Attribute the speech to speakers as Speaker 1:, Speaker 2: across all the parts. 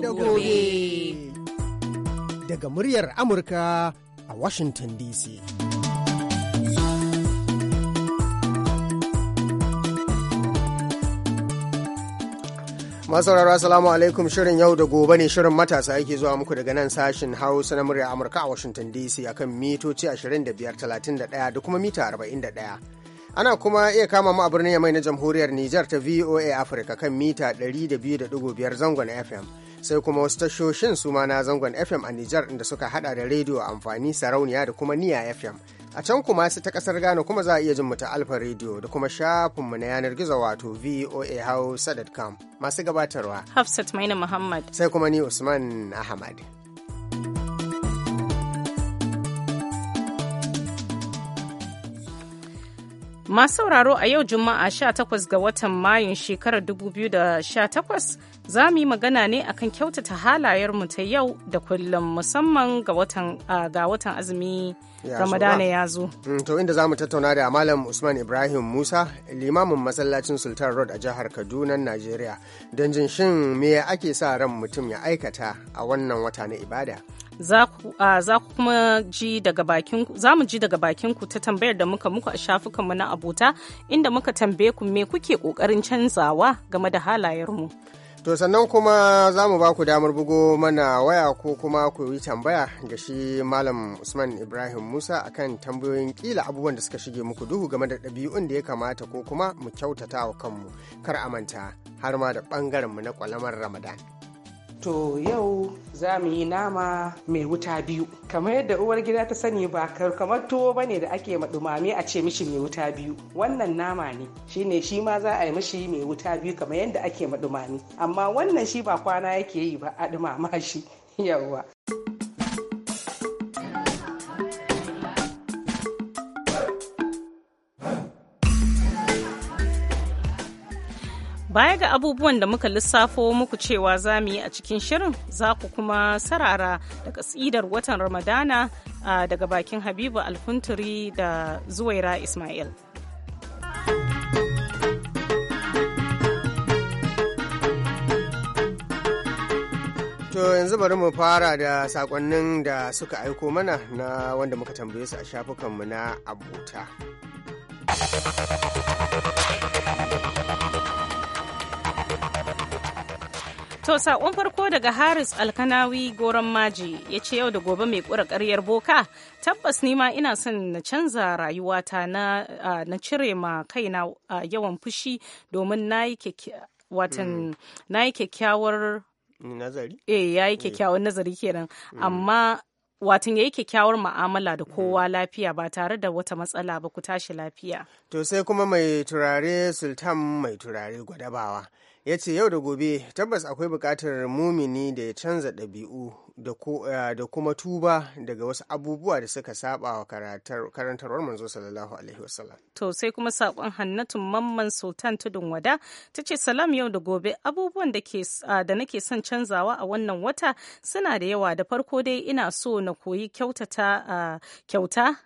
Speaker 1: da gobe.
Speaker 2: Daga muryar Amurka a Washington DC. rarra asalamu alaikum shirin yau da gobe ne shirin matasa yake zuwa muku daga nan sashin hausa na murya amurka a washington dc akan mitoci 25.31 da kuma mita 41 ana kuma iya kama mu a birnin yamai na jamhuriyar Nijar ta VOA Africa kan mita 200.5 zangon FM sai kuma wasu tashoshin su ma na zangon fm a nijar inda suka hada da rediyo amfani sarauniya da kuma niya fm a can kuma su ta kasar ghana kuma za a iya jin mu ta alfa rediyo da kuma shafin mu na yanar gizo wato voahausa.com masu gabatarwa hafsat maina muhammad sai kuma ni usman ahmad
Speaker 3: Masu sauraro a yau Juma'a 18 ga watan Mayun shekarar 2018 za mu yi magana ne akan kyautata halayenmu ta yau da kullum musamman ga watan azumi ramadana ya zo.
Speaker 2: Mm, to inda za mu tattauna da malam usman ibrahim musa limamin masallacin sultan road a jihar kaduna nigeria don jin shin me ake sa ran mutum ya aikata a wannan wata na ibada
Speaker 3: za ku kuma ji daga bakin za mu ji daga bakin ku ta tambayar da muka muku a shafukan mu na abota inda muka tambaye ku me kuke kokarin canzawa game da halayenmu. mu
Speaker 2: To sannan kuma za mu ba ku damar bugo mana waya ko kuma ku yi tambaya ga shi Malam Usman Ibrahim Musa akan tambayoyin kila abubuwan da suka shige muku duhu game da ɗabi'un da ya kamata ko kuma mu kyautata wa kanmu kar a manta har ma
Speaker 4: da ɓangaren mu na kwalamar Ramadan. to yau za mu yi nama mai wuta biyu kamar yadda uwar gida ta sani ba kamar tuwo bane da ake madumame a ce mishi mai wuta biyu wannan nama ne Shi ne shi ma za a yi mishi mai wuta biyu kamar yadda ake madumame amma wannan shi ba kwana yake yi ba a dumama shi yawwa
Speaker 3: Baya ga abubuwan da muka lissafo muku cewa za mu yi a cikin shirin za ku kuma sarara da kasidar watan Ramadana daga bakin Habibu Alfunturi da Zuwaira Ismail.
Speaker 2: To yanzu bari mu fara da sakonnin da suka aiko mana na wanda muka tambaye su a shafukanmu na abota.
Speaker 3: To saƙon farko daga Haris Alkanawi Goron Maji ya ce yau da gobe mai ƙura ƙaryar boka tabbas nima ina son na canza rayuwata na, na cire ma kaina yawan fushi domin na yi mm. kyakkyawar nazari? Eh, ya yi eh. kyakkyawar nazari kenan mm. amma watan ya yi kyakkyawar ma'amala da mm. kowa lafiya ba tare da wata matsala ba ku tashi lafiya.
Speaker 2: To sai kuma mai turare sultan mai turare gwadabawa. ya ce yau da gobe tabbas akwai buƙatar mumini da ya canza ɗabi'u da eh, kuma tuba daga wasu abubuwa da suka saba wa karantarwar manzo sallallahu alaihi
Speaker 3: wasallam. To sai kuma saƙon hannatun mamman sultan tudun wada ta ce salam yau da gobe abubuwan ah, da nake son canzawa a wannan wata suna da yawa da farko dai ina so na koyi kyautata ah, kyauta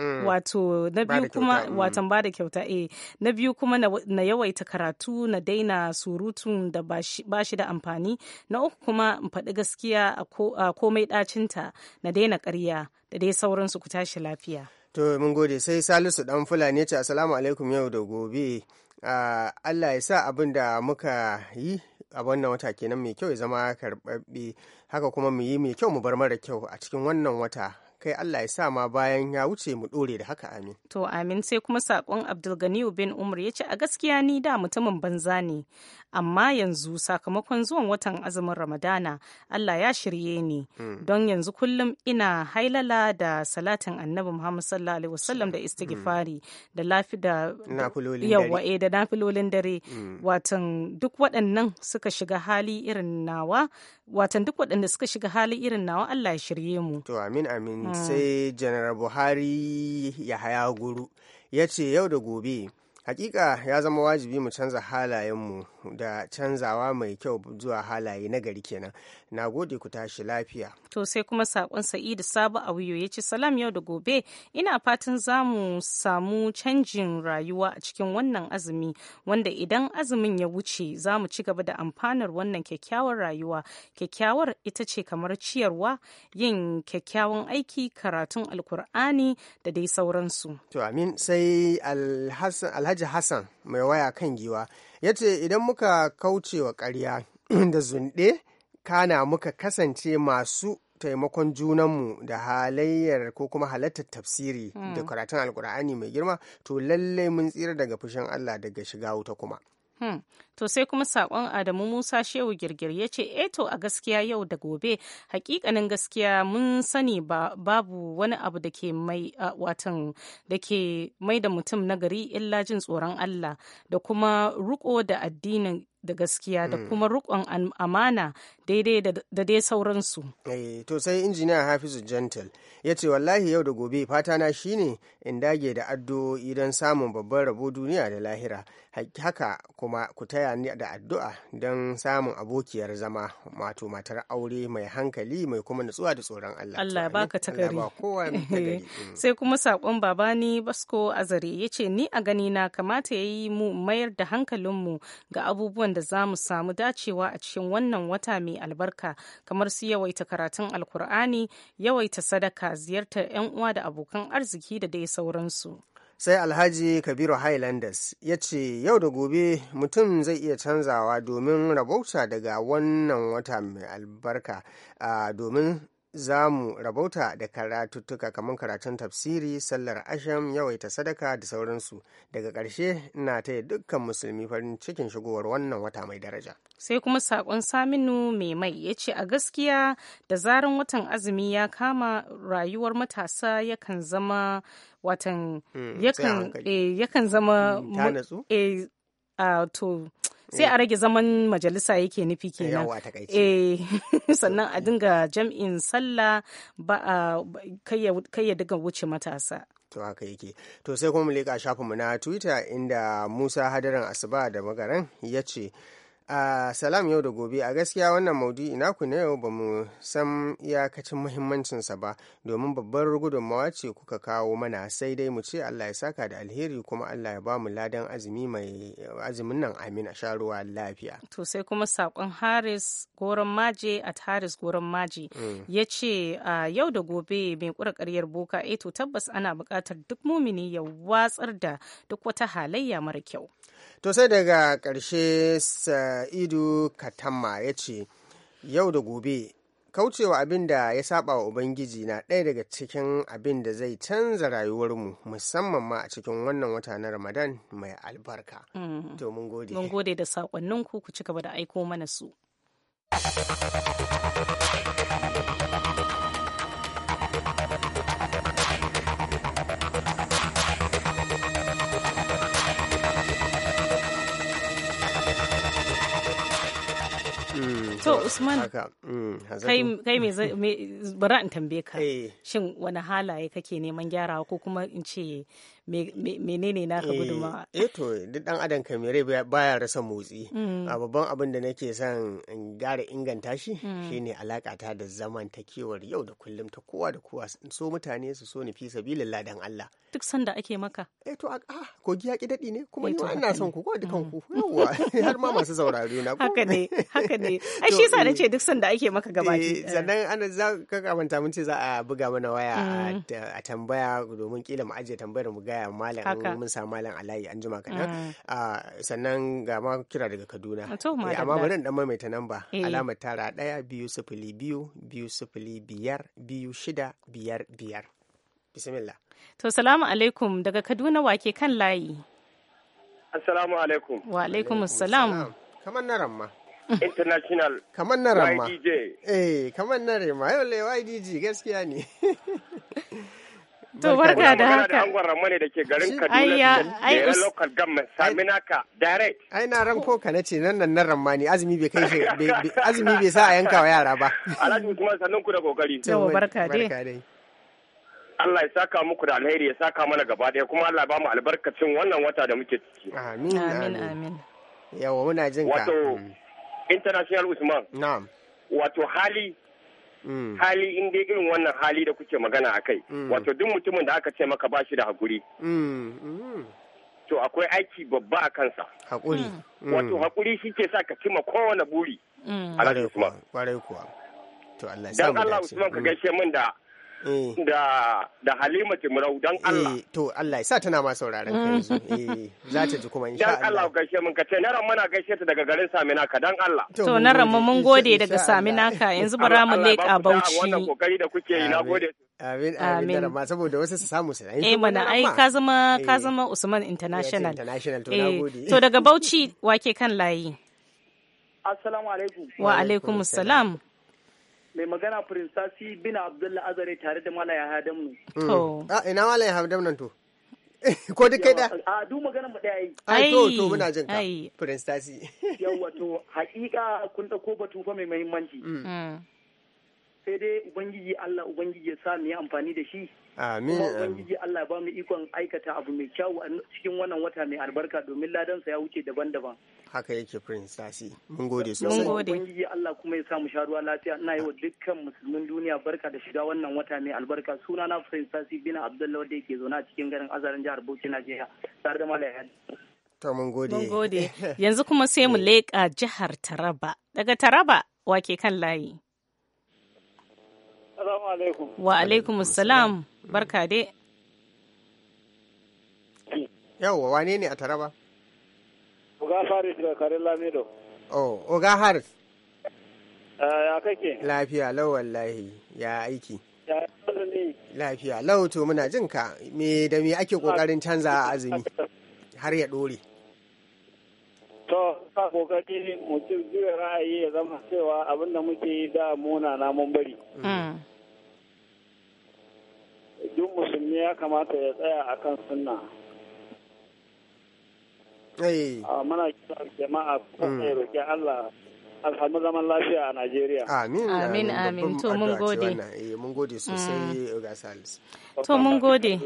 Speaker 3: Mm. wato na biyu kuma mm. watan ba da kyauta eh na biyu kuma na yawaita karatu na daina surutun da ba shi da amfani na uku kuma in faɗi gaskiya a komai ɗacinta na daina ƙarya da dai sauransu ku tashi lafiya
Speaker 2: to mun gode sai salisu dan fulani ce assalamu alaikum yau da gobe Allah ya sa abin da muka yi a wannan wata kenan mai kyau ya zama karɓaɓɓe haka kuma mu yi mai kyau mu bar mara kyau a cikin wannan wata kai Allah ya sa ma bayan ya wuce mu ɗore da haka amin.
Speaker 3: To amin sai kuma saƙon Abdulganiyu bin Umar ya ce a gaskiya ni da mutumin banza ne amma yanzu sakamakon zuwan watan azumin ramadana allah ya shirye ni hmm. don yanzu kullum ina hailala da salatin annabi muhammad sallallahu alaihi wasallam da hmm. istighfari da lafi da yawa eh, da nafilolin dare hmm. watan duk waɗannan suka shiga hali irin nawa watan duk waɗanda suka shiga hali irin nawa allah ya shirye mu
Speaker 2: to amin amin sai general buhari ya haya guru ya ce yau da gobe hakika ya zama wajibi mu canza halayenmu da canzawa mai kyau zuwa halaye na gari kenan na gode ku tashi lafiya
Speaker 3: to sai kuma sakon sa'idu sabu a wuyo ya ci salam yau da gobe ina fatan za mu samu canjin rayuwa a cikin wannan azumi wanda idan azumin ya wuce zamu mu ci gaba da amfanar wannan kyakkyawar rayuwa kyakkyawar ita ce kamar ciyarwa yin kyakkyawan aiki karatun alkur'ani da dai sauransu
Speaker 2: to amin sai alhaji hassan mai waya kan giwa ya ce idan muka kauce wa ƙarya da zunɗe kana muka kasance masu taimakon junanmu da halayyar ko kuma halattar tafsiri da hmm. karatun alkur'ani mai girma to lallai mun tsira daga fushin Allah daga shiga wuta kuma
Speaker 3: Hmm. To sai kuma saƙon Adamu Musa Shehu Girgir ya ce, "E to a gaskiya yau da gobe, hakikanin gaskiya mun sani ba, babu wani abu da ke mai uh, watan da ke mai da mutum nagari illa jin tsoron Allah da kuma ruko da addinin da gaskiya da mm. kuma riƙon amana daidai da dai sauransu.
Speaker 2: Eh, to sai injiniya hafizu gentle ya ce wallahi yau da gobe fata na shine in dage da addu'o'i don samun babban rabo duniya da lahira haka kuma ku taya ni da addu'a don samun abokiyar zama mato matar aure mai hankali mai kuma nutsuwa da tsoron
Speaker 3: Allah. Allah ba ka takari. Mm. Sai kuma sakon babani Basko Azare ya ce ni a gani na kamata ya yi mu mayar da hankalinmu ga abubuwan waɗanda za mu samu dacewa a cikin wannan wata mai albarka kamar su yawaita karatun alkur'ani yawaita sadaka ziyartar 'yan uwa da abokan arziki da dai sauransu sai
Speaker 2: alhaji kabiru highlanders ya ce yau da gobe mutum zai iya canzawa domin rabauta daga wannan wata mai albarka ah, domin za mu rabauta da karatuttuka kamar karatun tafsiri sallar asham yawaita sadaka da sauransu daga ƙarshe ina taya dukkan musulmi farin cikin shigowar wannan wata mai daraja
Speaker 3: sai kuma saƙon saminu mai mai ya ce a gaskiya da zaran watan azumi ya kama rayuwar matasa yakan zama watan hmm, eh, yakan zama hmm, eh, to sai eh. a rage zaman majalisa yake nufi kenan eh sannan a eh. dinga jam'in sallah ba kai ya daga wuce matasa
Speaker 2: to haka yake to sai kuma mu leƙa shafinmu na twitter inda musa hadarin asuba da magaran ya ce a salam yau da gobe a gaskiya wannan ina ku na yau ba mu san iyakacin muhimmancinsa ba domin babbar gudunmawa ce kuka kawo mana sai dai mu ce allah ya saka da alheri kuma allah ya ba mu ladan azumi mai azumin nan amin a sharuwa lafiya
Speaker 3: to sai kuma sakon haris goron maje at haris goron maje mm. ya ce yau da gobe mai kura karyar boka eh to tabbas ana bukatar duk mumini ya watsar da duk wata halayya mara kyau
Speaker 2: to sai daga ƙarshe sa'idu katamma ya ce yau da gobe kaucewa abin da ya saba wa ubangiji na ɗaya daga cikin abin da zai canza rayuwarmu musamman ma a cikin wannan wata na ramadan mai albarka mm. to mun gode
Speaker 3: mun gode da saƙonninku ku ci gaba da aiko mana su
Speaker 2: Mm, to usman mm, kai me
Speaker 3: bari in tambaye ka eh. shin wani halaye kake neman gyarawa ko kuma in ce menene ka eh, guduma
Speaker 2: eh to duk dan adam kai mere baya rasa motsi mm. a babban abin da nake son in gara inganta shi mm. shine alaka ta da kewar yau da kullum ta kowa da kowa so mutane su so ni fi sabilillah dan Allah
Speaker 3: duk sanda ake maka eh to a kogi ya ki ne kuma eh ni ina son ku ko dukan mm. ku yawa
Speaker 2: har ma masu saurari na
Speaker 3: haka ne haka ne ai shi yasa nace eh. duk sanda ake maka gaba ki
Speaker 2: sannan ana za ka kamanta mun ce za a buga mana waya a tambaya domin kila mu aje tambayar mu ga waya malam mun sa malam alayi an jima kaɗan mm. sannan ga ma kira daga kaduna eh, amma bari in dan maimaita namba eh. alamar tara ɗaya biyu sifili biyu biyu sifili biyar biyu shida biyar biyar bismillah
Speaker 3: to salamu alaikum daga kaduna wake kan layi
Speaker 5: assalamu alaikum
Speaker 3: wa alaikum assalam
Speaker 5: kamar na ramma international kamar na ramma
Speaker 2: eh kamar na ramma yau le
Speaker 5: ydg gaskiya ne To barka da haka. Kuna magana da da ke garin Kaduna da local government Saminaka
Speaker 2: direct. Ai na ran ko ka nace nan nan Rammani azumi bai kai shi azumi bai sa a yanka wa yara ba.
Speaker 5: Alhaji Usman sannun ku da kokari. To barka dai. Allah ya saka muku da alheri ya saka mana gaba daya kuma Allah ba mu albarkacin wannan wata da muke ciki.
Speaker 2: Amin amin. Yawa muna jin ka. Wato
Speaker 5: mm. International Usman. Na'am. Wato hali Mm. hali in dai irin wannan hali da kuke magana a kai mm. wato duk mutumin da aka ce maka ba shi da hakuri
Speaker 2: mm.
Speaker 5: to akwai aiki babba a kansa
Speaker 2: hakuri wato
Speaker 5: hakuri shi ke sa ka cima kowane buri a
Speaker 2: kuwa to Allah ya Allah Usman ka gaishe min da Eh.
Speaker 5: da da Halima Timrau dan Allah.
Speaker 2: Eh, to Allah sa tana ma sauraron
Speaker 5: ka yanzu. Eh, za ta ji kuma insha Allah. Dan Allah gaishe mun ka ce na Naran mana gaishe ta daga garin Saminaka dan
Speaker 3: Allah. To na Naran mun gode daga Saminaka yanzu bara mu leƙa Bauchi. Wannan
Speaker 5: kokari da
Speaker 2: kuke yi na gode. Amin amin ma saboda wasu su samu su Eh mana ai ka zama ka
Speaker 3: zama Usman International. International to nagode. To daga Bauchi wake kan layi.
Speaker 5: Assalamu alaikum. Wa alaikum assalam. mai magana prince sasi bin abdullah azare tare da malaya A hmm.
Speaker 2: ah, ina malaya hadamnu to
Speaker 5: ko duk kai da a du magana mu daya yi ai to to muna
Speaker 2: jin ka prince
Speaker 5: yawa to hakika kun ko batu fa mai muhimmanci hmm. Hmm. sai dai ubangiji Allah ubangiji ya sa mu yi amfani da shi
Speaker 2: Amin. Kuma Ubangiji
Speaker 5: Allah ba mu ikon aikata abu mai kyau a cikin wannan wata mai albarka domin ladansa ya wuce daban-daban.
Speaker 2: Haka yake Prince Tasi. Mun gode sosai. Mun gode.
Speaker 5: Ubangiji Allah kuma ya samu sha ruwa lafiya. Ina yi wa dukkan musulmin duniya barka da shiga wannan wata mai albarka. Suna na Prince Tasi bin Abdullahi da yake zaune a cikin garin Azarin jihar Bauchi Najeriya. Tare da Malam
Speaker 3: To mun gode. Mun gode. Yanzu kuma sai mu eh. leƙa jihar Taraba. Daga Taraba wake kan layi.
Speaker 5: Assalamu alaikum.
Speaker 3: Wa alaikum assalam. barka dai yawwa wane ne a taraba
Speaker 5: oga harris daga karin lamido
Speaker 3: oh
Speaker 2: oga harris eh, ya kake lafiya lau wallahi ya aiki lafiya lau to muna jin ka me da me ake kokarin canza a azumi har ya dore
Speaker 5: to sa kokari mu zuwa ra'ayi ya zama cewa abinda muke da muna na mun bari mm. duk musulmi ya kamata ya tsaya a kan sunna eh. mana kira jama'a kuma mm. ya roƙi Allah alhamdu zaman lafiya a Najeriya. Amin, amin, amin. To mun gode.
Speaker 2: Eh, mun gode sosai
Speaker 5: mm. ga Salis.
Speaker 2: To mun gode.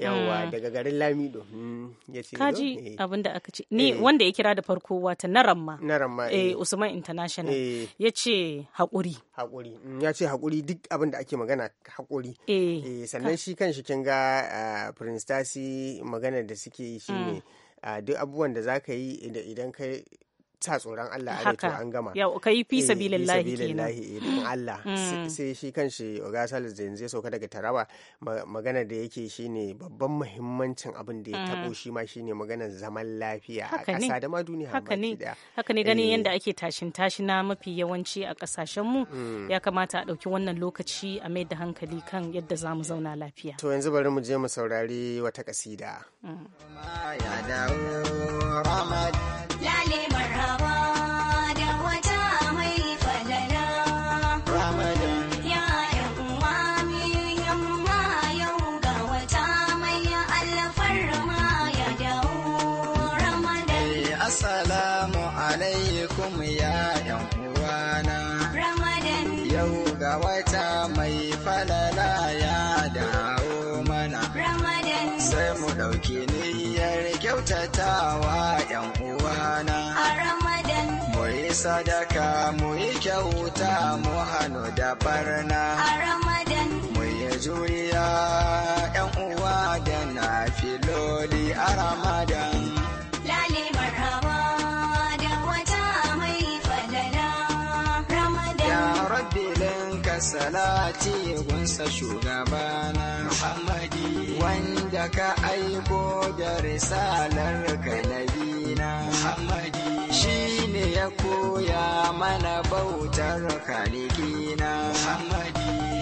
Speaker 2: yawwa mm. daga garin lamido mm, ya ce kaji eh. abin
Speaker 3: aka ce ni eh. wanda ya kira da farko wata na ramma na ramma eh, eh. usman international ya ce haƙuri
Speaker 2: haƙuri mm, ya ce haƙuri duk abinda ake magana hakuri eh sannan shi kan shi kin ga prince tasi magana da suke yi shine duk abubuwan da zaka yi idan kai sa tsoron Allah a to an gama ya kai fi eh, sabilillahi idan eh, Allah mm. sai shi kanshi Oga Salis da yanzu ya sauka daga Taraba magana da yake shi ne babban muhimmancin abin da ya mm. tabo shi ma ne maganar zaman lafiya a ƙasa da ma duniya haka
Speaker 3: ne haka ne ganin eh. yadda ake tashin tashi na mafi yawanci a ƙasashen mu mm. ya kamata a ɗauki wannan lokaci a mai da hankali kan yadda za mu zauna lafiya to
Speaker 2: yanzu bari mu je mu saurari wata ƙasida.
Speaker 1: sadaka mu yi kyauta mu hannu da barna a ramadan mu yi juriya yan uwa da na filoli a ramadan da wata mai ramadan salati gunsa shugabana muhammadi wanda ka aiko da risalar ka nabina muhammadi ya koya mana bautar kalikina.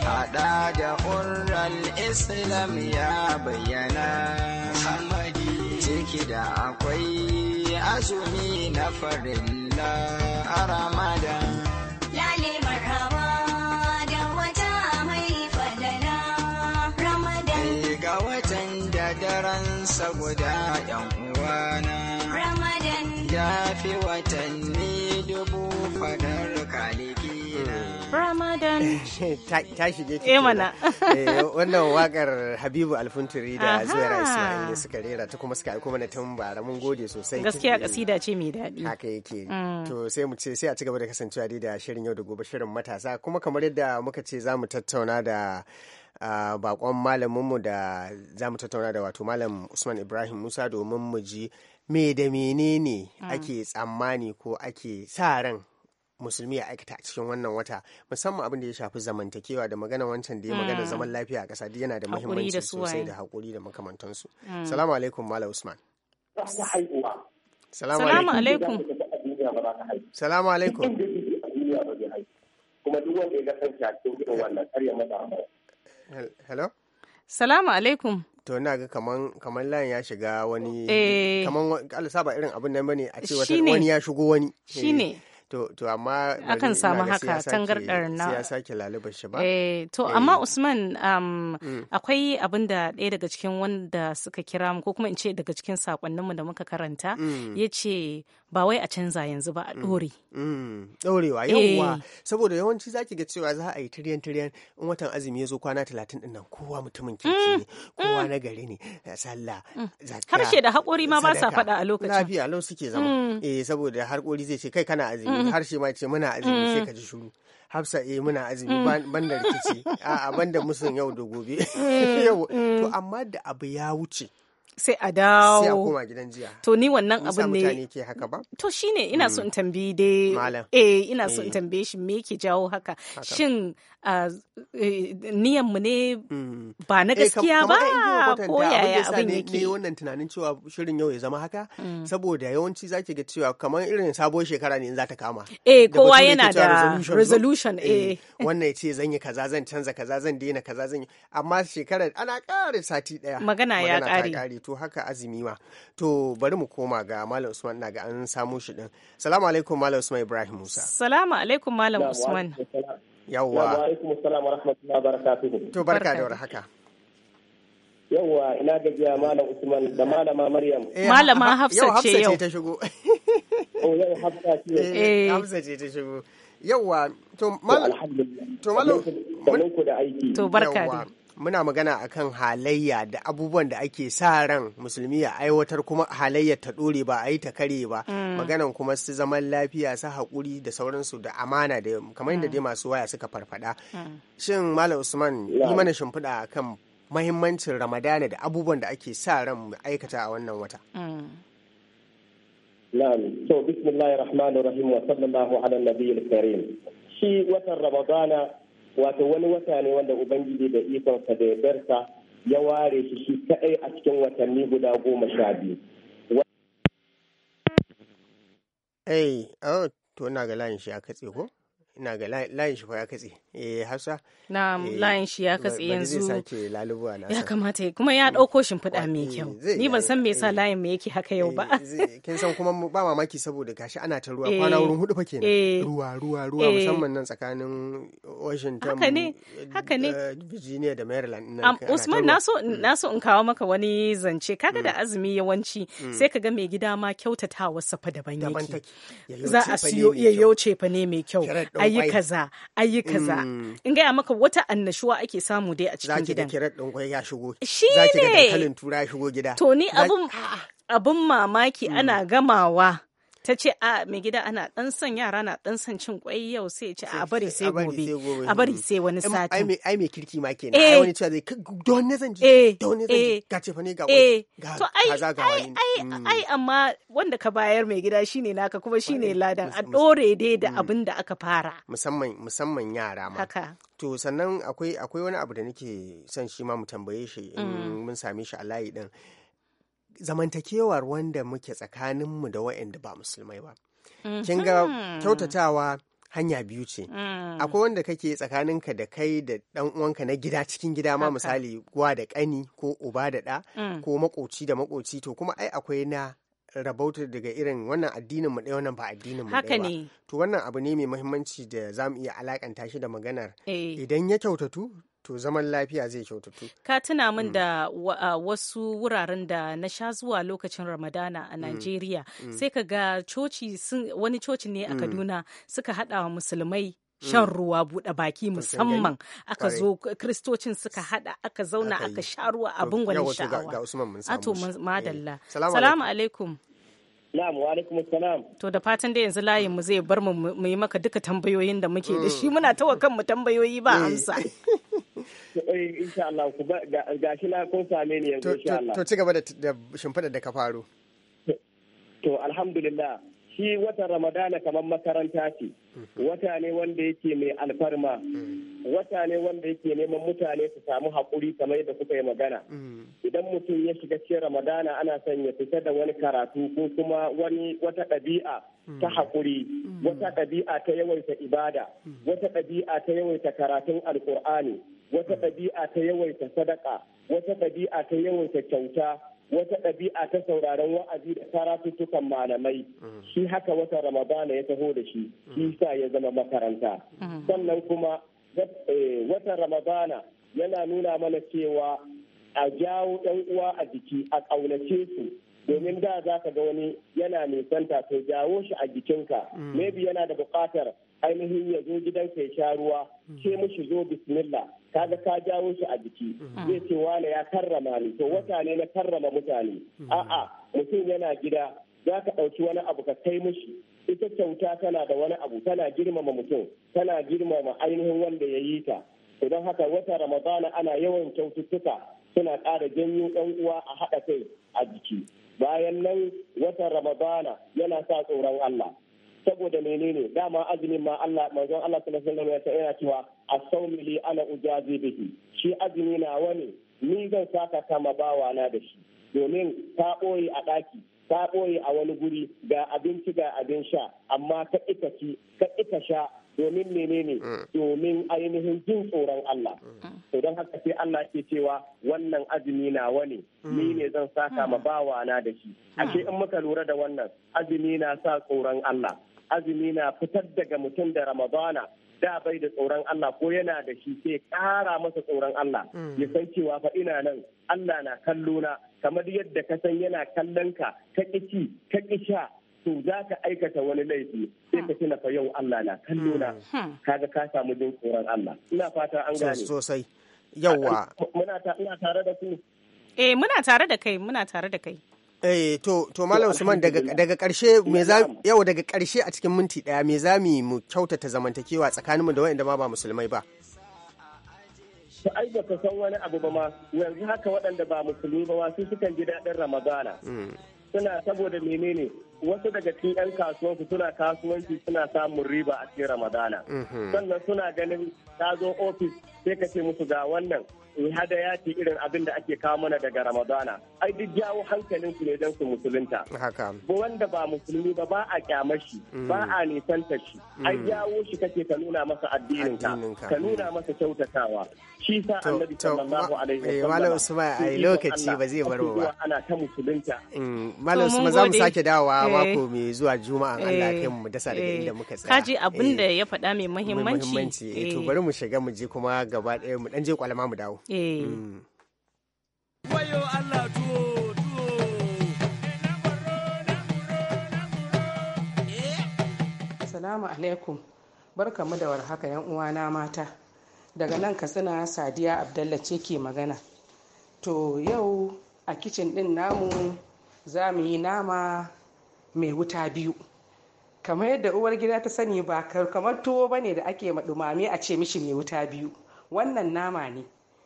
Speaker 1: hada da hurral islam ya bayyana ciki da akwai azumi na farilla a ramadan saboda yan uwana. Ramadan ya fi watan Ramadan. Ta shige ta. Eh,
Speaker 3: mana.
Speaker 2: Eh,
Speaker 1: wannan wakar
Speaker 2: Habibu Alfunturi da Zuwaira Ismail suka rera ta kuma suka aiko mana tun bara mun gode sosai. Gaskiya kasida
Speaker 3: ce mai daɗi. Haka
Speaker 2: yake. Mm. To sai mu ce sai a ci gaba da kasancewa dai da shirin yau da gobe shirin matasa kuma kamar yadda muka ce za mu tattauna da Uh, ah, bakon malaminmu da za mu tattauna da wato malam usman ibrahim musa domin mu ji me da menene mm. ake tsammani ko ake sa ran musulmi ya aikata a cikin wannan wata musamman abin da ya shafi zamantakewa da magana wancan da ya magana mm. zaman lafiya a ƙasa duk yana da muhimmanci sosai da haƙuri da makamantansu mm. salamu alaikum mala usman
Speaker 5: salamu alaikum salamu alaikum
Speaker 2: hello
Speaker 3: salamu alaikum
Speaker 2: to na ga kaman kaman layin ya shiga wani eh. kaman Allah saba irin abin nan bane a ce wani ya
Speaker 3: shigo wani shine eh.
Speaker 2: to to amma akan samu haka tangardar na siyasa ke laliba shi ba eh, to eh. amma
Speaker 3: Usman um, mm. akwai abin da ɗaya daga cikin wanda suka kira mu ko kuma in ce daga cikin sakonnin mu da muka karanta mm. yace ba wai a canza yanzu ba a mm. ɗore.
Speaker 2: Mm. ɗorewa yawwa eh.
Speaker 3: saboda yawanci zaki ga cewa za a yi
Speaker 2: tiryan tiryan in watan azumi ya zo kwana talatin ɗin nan kowa mutumin mm. kirki ne kowa na gari ne eh, sallah
Speaker 3: harshe da haƙori ma ba sa faɗa a lokacin
Speaker 2: lafiya lau suke zama eh saboda haƙori zai ce kai kana azumi harshe ma ce muna azumi sai ka ji shuru hafsa eh muna azumi ban da rikici a'a da musun yau da gobe yau to amma da abu ya wuce
Speaker 3: sai a dawo sai a koma
Speaker 2: gidan jiya to ni wannan abin ne mutane ke haka ba
Speaker 3: to shine ina so in hmm. tambaye dai eh ina so in eh. tambaye shi me yake jawo haka shin E, niyan mu ne hmm. ba na eh, gaskiya ba ko yaya abin yake ne wannan tunanin
Speaker 2: cewa shirin yau ya zama haka hmm. saboda yawanci zaki ga cewa kamar irin sabuwar shekara ne in za ta kama eh kowa yana da resolution eh, eh wannan yace zan yi kaza zan canza kaza zan daina kaza zan amma shekarar ana ƙara sati daya magana ya ƙare to haka azumi ma to bari mu koma ga malam Usman na ga an samu shi din salamu alaikum malam Usman Ibrahim
Speaker 5: Musa
Speaker 3: salamu alaikum malam Usman
Speaker 5: yawwa wa alaikum
Speaker 3: assalam wa rahmatullahi wa barakatuh
Speaker 5: to barka da warhaka yawwa ina gajiya malam usman da malama maryam eh, malama hafsa ce yau ta shigo oh yau hafsa ce eh, eh.
Speaker 2: hafsa ce ta shigo yawwa to malam to malam ku da aiki to barka da muna magana akan halayya da abubuwan da ake sa ran musulmi ya aiwatar kuma halayyar ta ɗore ba a yi ta kare ba mm. maganan kuma su zaman lafiya su haƙuri da sauransu da amana da kamar yadda mm. dai masu waya suka farfada mm. shin malam usman yi mana shimfiɗa akan mahimmancin ramadana da abubuwan da ake sa ran aikata a wannan
Speaker 5: wata na'am bismillahir rahmanir wa sallallahu ala nabiyil karim shi watan ramadana wato wani wata ne wanda ubangiji da ikonsa da ya darsa ya ware shi shi kadai a cikin watanni guda goma sha biyu.
Speaker 2: Eh, oh, to na ga layin shi a katse ko? ina ga eh, eh, layin shi ya katse eh hausa
Speaker 3: na layin shi ya katse yanzu ya kamata kuma ya dauko shimfiɗa mai eh, kyau ni ban san me yasa layin me yake haka yau ba
Speaker 2: kin san kuma ba mamaki saboda gashi ana ta ruwa kwana wurin hudu fa kenan ruwa ruwa ruwa musamman nan tsakanin Washington haka ne haka ne Virginia da Maryland Usman naso
Speaker 3: mm. naso in kawo maka wani zance kaga da mm. azumi yawanci mm. sai ka ga mai gida ma kyautatawa safa daban yake za a siyo yayyauce fa ne mai kyau ayi kaza ayi kaza mm. in gaya maka wata annashuwa ake samu dai a cikin gidan zaki da kirar ya shigo shi ne zaki da dankalin tura ya shigo gida to ni abun abun mamaki mm. ana gamawa ta ce a mai gida ana dan son yara na dan son cin kwai yau sai ce a bari sai gobe a bari sai wani sati ai mai
Speaker 2: kirki ma kenan ai eh. wani cewa zai don ne zan ji eh, don ne zan ji gace ce fa ne ga wani
Speaker 3: ga kaza ai mm. ai amma wanda ka bayar mai gida shine naka kuma shine ladan a dore dai da mm. abin da aka fara
Speaker 2: musamman musamman yara ma haka to sannan akwai akwai wani abu da nake son shi ma mu tambaye shi in mm. mun same shi a layi din zamantakewar wanda muke tsakaninmu da waɗanda ba musulmai ba
Speaker 1: mm-hmm. kin ga
Speaker 2: kyautatawa hanya biyu ce mm. akwai wanda kake tsakaninka da kai da ɗan uwanka na gida cikin gida ma misali uwa da ƙani ko uba da ɗa mm. ko makoci da makoci to kuma ai akwai na rabauta daga irin wannan addinin mu ɗaya wannan ba addinin mu ɗaya ba to wannan abu ne mai muhimmanci da za mu iya alakanta shi da maganar eh. idan ya kyautatu to zaman lafiya zai kyautatu
Speaker 3: ka tuna min mm. da wasu wuraren da na sha zuwa lokacin ramadana a mm. najeriya mm. sai ka ga coci wani coci ne a kaduna suka haɗa musulmai shan ruwa buɗe baki musamman aka zo kristocin suka hada aka zauna aka sha ruwa abin gwanin sha'awa
Speaker 2: ato madalla
Speaker 3: eh, salamu alaikum Na'am wa alaikum salam. To da fatan da yanzu layin mu zai bar mu mu yi maka duka tambayoyin da muke da shi muna tawa kan mu tambayoyi ba eh. amsa.
Speaker 5: Eh, Allah ku shi na kun same ni yanzu insha Allah. To ci gaba da shimfiɗar da ka faro. To alhamdulillah shi watan ramadana kamar makaranta ce mhm. wata ne wanda yake mai alfarma mhm. wata ne wanda yake neman mutane su samu haƙuri kamar yadda kuka yi magana mhm. idan mutum ya shiga cikin ramadana ana son ya fita da wani karatu ko kuma wani wata ɗabi'a ta haƙuri wata ɗabi'a ta yawaita ibada wata ɗabi'a ta yawaita karatun alƙur'ani wata ɗabi'a ta yawaita sadaka wata ɗabi'a ta yawaita kyauta wata ɗabi'a ta sauraron wa'azi da karatuttukan malamai shi haka wata ramadana ya taho da shi Isa ya zama makaranta sannan kuma eh, wata ramadana yana nuna mana cewa a jawo ɗan uwa a jiki a ƙaunace su domin da za ka ga wani yana nisanta sai jawo shi a jikinka mm. maybe yana da buƙatar ainihin ya zo gidan ya sha ruwa ke mishi zo bismillah kaga ka jawo shi a jiki zai ce wane ya karrama ni to wata ne na karrama mutane a'a mutum yana gida za ka ɗauki wani abu ka kai mishi ita kyauta tana da wani abu tana girmama mutum tana girmama ainihin wanda ya yi ta idan haka wata ramadana ana yawan kyaututtuka suna ƙara janyo ɗan uwa a haɗa kai a jiki bayan nan wata ramadana yana sa tsoron Allah saboda menene dama azumin ma Allah manzon Allah sallallahu alaihi wasallam tsaya cewa as-sawmi li ala ujazi bihi shi azumi na wani ni zan saka kama bawa na da shi domin ta ɓoye a ɗaki ta ɓoye a wani guri ga abinci ga abin sha amma ka ita ci ka ita sha domin menene mm. domin ainihin jin tsoron Allah mm. to dan haka sai Allah ke cewa wannan azumi na wani mm. ni ne zan saka ma bawa na da shi ashe in muka lura da wannan azumi na sa tsoron Allah azumi na fitar daga mutum da ramadana da bai da tsoron Allah ko yana da shi sai ƙara masa tsoron Allah mm. ya san cewa fa ina nan Allah na kallo na kamar yadda ka san yana kallon ka ka ƙici ka ƙisha to za ka aikata wani laifi sai ka tuna fa yau Allah na kallo na mm. hmm. kaga ka samu jin tsoron Allah ina fata an gane sosai yawa
Speaker 3: muna tare da ku eh muna tare da kai muna tare da kai
Speaker 2: Eh to to Malam Usman daga daga karshe me za yau daga karshe a cikin minti daya me za mu kyautata zamantakewa tsakaninmu da waɗanda ba musulmai ba.
Speaker 5: su ai ba san wani abu ba ma yanzu haka waɗanda ba musulmi ba su sukan ji daɗin ramadana hmm. suna saboda menene wasu daga cikin 'yan su suna kasuwanci suna samun riba a cikin ramadana hmm, hmm. sannan suna ganin ka zo ofis sai ka ce musu ga wannan in ya ce irin abin da ake kawo mana daga ramadana ai duk jawo hankalin su ne don su musulunta haka wanda ba musulmi ba ba a kyamar shi ba mm. a nisanta shi ai mm. jawo shi kake ka nuna masa addininka ka nuna masa kyautatawa shi sa annabi sallallahu alaihi wasallam eh, malam usman ai lokaci ba zai bar ba ana ta musulunta mm,
Speaker 2: malam usman za mu sake dawowa eh. mako mai zuwa juma'a an Allah eh. kai mu dasa daga inda muka tsaya kaji abinda
Speaker 3: ya faɗa mai muhimmanci eh to bari
Speaker 2: mu shiga mu je kuma gaba ɗaya mu dan je kwalama mu dawo Eh. Mm.
Speaker 4: Salamu alaikum barkamu da warhaka yan uwana mata daga nan katsina sadiya abdallah ce ke magana to yau a kicin din namu za mu yi nama mai wuta biyu kamar yadda uwar gida ta sani ba kamar tuwo ba ne da ake madumami a ce mishi mai wuta biyu wannan nama ne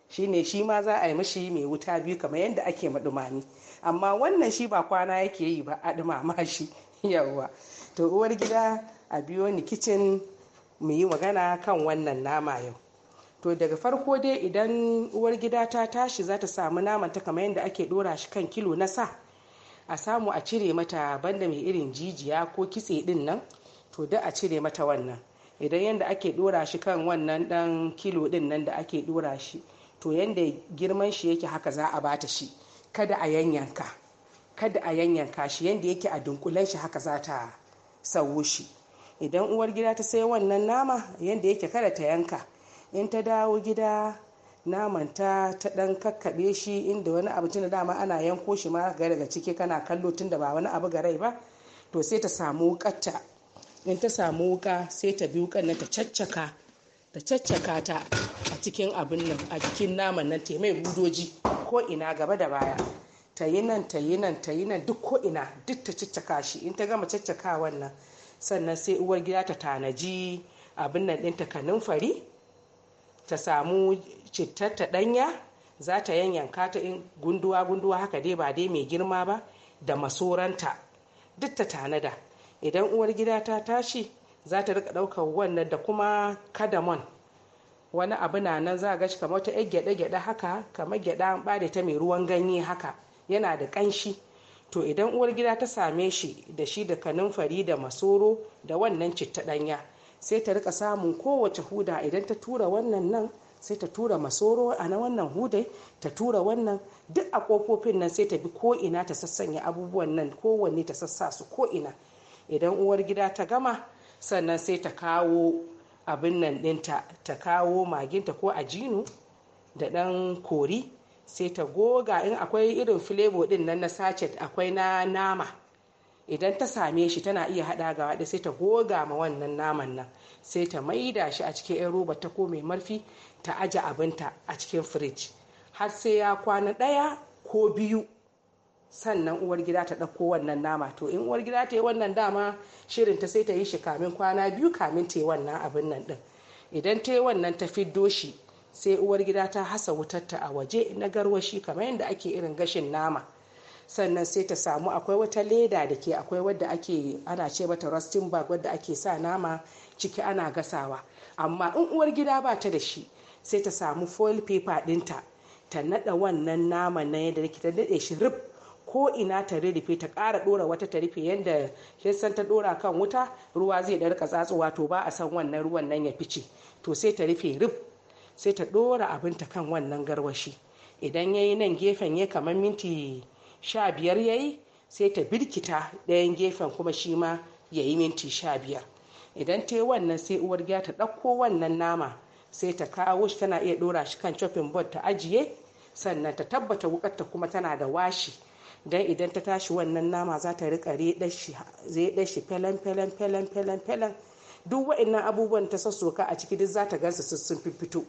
Speaker 4: shine shi ma za a yi mashi mai wuta biyu kamar yadda ake maɗumami amma wannan shi ba kwana yake yi ba a ɗumama shi yawwa to uwar gida a biyo ni kicin mu yi magana kan wannan nama yau to daga farko dai idan uwar gida ta tashi za ta samu naman ta kamar yadda ake ɗora shi kan kilo na sa a samu a cire mata banda mai irin jijiya ko kitse ɗin nan to da a cire mata wannan idan yadda ake ɗora shi kan wannan dan kilo din nan da ake ɗora shi to yadda girman shi yake haka za a bata shi kada a yanyanka kada a yanyanka shi yanda yake a dunkulen shi haka za ta sawo shi idan uwar gida ta sai wannan nama yanda yake kada ta yanka in ta dawo gida naman ta ta dan kakkabe shi inda wani abu da dama ana yanko shi ma ga daga ciki kana kallo tun da ba wani abu ga rai ba to sai ta samu wukarta in ta samu wuka sai ta bi wukan nan ta caccaka ta caccaka ta a cikin abin nan a jikin naman nan ta mai budoji ko ina gaba da baya ta yi nan ta yi nan ta yi nan duk ko ina duk ta caccaka shi in ta gama caccaka wannan sannan sai uwar gida ta tanaji abin nan ɗinta kanin fari ta samu cittar ta ɗanya za ta yanyanka ta in gunduwa gunduwa haka dai ba dai mai girma ba da masoranta duk ta tanada idan uwar gida ta tashi za ta rika ɗaukar wannan da kuma kadamon wani abu na nan za ga shi kamar wata yar gyaɗe-gyaɗe haka kamar gyaɗa an ɓare ta mai ruwan ganye haka yana da ƙanshi to idan uwar gida ta same shi da shi da kanunfari da masoro da wannan citta ɗanya sai ta rika samun kowace huda idan ta tura wannan nan sai ta tura masoro a na wannan hudai ta tura wannan duk a kofofin nan sai ta bi ko ina ta sassanya abubuwan nan kowanne ta sassa su ko ina idan uwar gida ta gama sannan sai ta kawo abin nan ɗinta ta kawo maginta ko ajinu da ɗan kori sai ta goga in akwai irin filebo ɗin nan na sachet akwai na nama idan ta same shi tana iya haɗa gawa sai ta goga ma wannan naman nan sai ta maida shi a cikin 'yan roba ta ko mai marfi ta aje abinta a cikin firij har sai ya kwana ɗaya ko biyu sannan uwar gida ta ɗauko wannan nama to in uwar gida ta yi wannan dama shirin ta sai ta yi shi kamin kwana biyu kamin ta yi wannan abin nan ɗin idan ta yi wannan ta fiddo shi sai uwar gida ta hasa wutar ta a waje na garwashi kamar yadda ake irin gashin nama sannan sai ta samu akwai wata leda da ke akwai wadda ake ana ce mata rustin bag wadda ake sa nama ciki ana gasawa amma in uwar gida ba ta da shi sai ta samu foil paper ɗinta ta naɗa wannan nama na yadda ta daɗe shi rib ko ina ta rufe ta ƙara ɗora wata ta rufe yadda kin ta ɗora kan wuta ruwa zai ɗarka tsatsuwa to ba a san wannan ruwan nan ya fice to sai ta rufe rif sai ta ɗora ta kan wannan garwashi idan ya yi nan gefen ya kamar minti sha biyar ya yi sai ta birkita ɗayan gefen kuma shi ma ya yi minti sha biyar idan ta yi wannan sai uwar gida ta ɗauko wannan nama sai ta kawo shi tana iya ɗora shi kan cofin board ta ajiye sannan ta tabbata wukar ta kuma tana da washi don idan ta tashi wannan nama za ta rika reɗa shi felen felen felen felen felen duk wa'annan abubuwan ta sassoka a ciki duk za ta gansu sun fito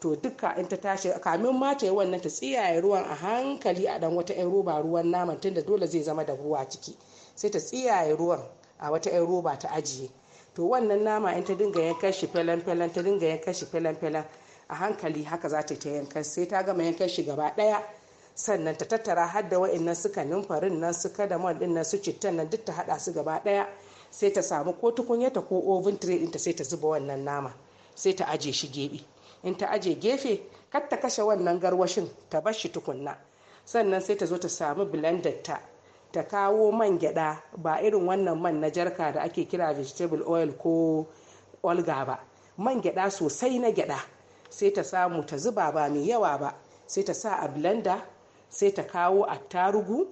Speaker 4: to duka in ta tashi kamin ma ta yi wannan ta tsiyaye ruwan a hankali a dan wata yan roba ruwan naman tunda dole zai zama da ruwa ciki sai ta tsiyaye ruwan a wata yan roba ta ajiye to wannan nama in ta dinga yankan shi felen felen ta dinga yankan shi felen felen a hankali haka za ta ta yankan sai ta gama yankan shi gaba ɗaya. sannan ta tattara har da wa'annan suka numfarin nan su kadamon din nan su cittan nan duk ta hada su gaba daya sai ta samu ko tukunya ta ko oven tray ta sai ta zuba wannan nama sai ta aje shi gebe in ta aje gefe kar ta kashe wannan garwashin ta bar shi tukunna sannan sai ta zo ta samu blender ta ta kawo man gyada ba irin wannan man na jarka da ake kira vegetable oil ko olga ba man gyada sosai na gyada sai ta samu ta zuba ba mai yawa ba sai ta sa a blender sai ta kawo attarugu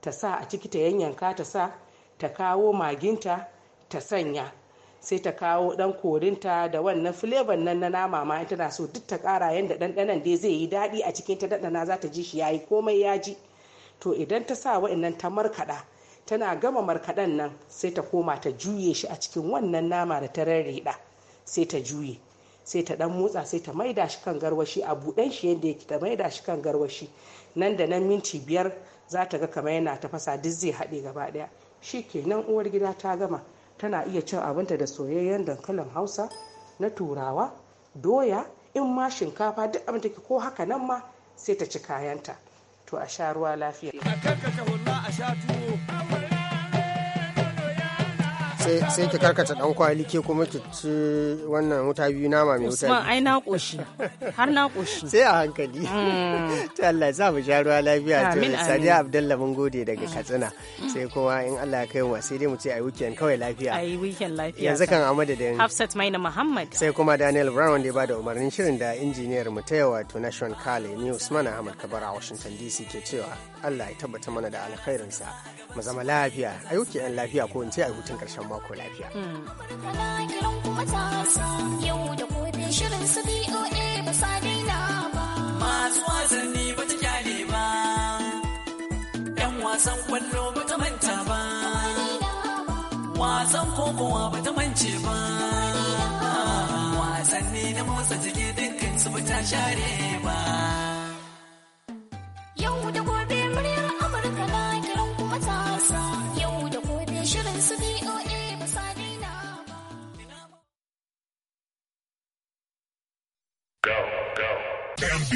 Speaker 4: ta sa a ciki ta yanyanka ta sa ta kawo maginta ta sanya sai ta kawo dan korinta da wannan flavor nan na nama ma tana so duk ta kara yanda ɗanɗanon dai zai yi daɗi a cikin ta dandana za ta ji shi yayi komai ya ji to idan ta sa wa'annan ta markaɗa tana gama markaɗan nan sai ta koma ta juye shi a cikin wannan nama da ta rarreɗa sai ta juye sai ta dan motsa sai ta maida shi kan garwashi a buɗen shi yadda yake ta maida shi kan garwashi nan da nan minti biyar za ta ga kamar yana ta fasa duk zai haɗe gaba ɗaya shi kenan uwar gida ta gama tana iya cin abinta da soyayyen dankalin hausa na turawa doya in ma shinkafa duk abin take ko haka nan ma sai ta ci kayanta to a sha ruwa lafiya a
Speaker 2: a sha
Speaker 3: tuwo
Speaker 2: sai ki karkata dan kwali ke kuma ki ci wannan wuta biyu nama mai wuta biyu
Speaker 3: ai na koshi har na koshi sai a hankali mm.
Speaker 2: ta Allah za mu sha ruwa lafiya to Sadiya Abdalla mun gode daga Katsina sai kuma in Allah ya kai mu sai dai mu ce ai weekend kawai lafiya
Speaker 3: ai weekend lafiya yanzu kan a madadin Hafsat Maina Muhammad
Speaker 2: sai kuma Daniel Brown wanda ya bada umarnin shirin da injiniyar mu ta wato Nation Kale ni Usman Ahmad Kabara a Washington DC ke cewa Allah ya tabbata mana da alkhairinsa mu zama lafiya ayyuki yan lafiya ko in ce a hutun karshen mako ku lafiya.
Speaker 1: Yau da gobe shirin su ba ba. Masu wasanni ba ta kyale ba, ‘yan wasan kwallo ba ta manta ba, wasan kokowa ba ta mance ba. Wasanni na motsa jiki dukkan su ba ta share ba. Yau da gobe murya.
Speaker 5: I'm being.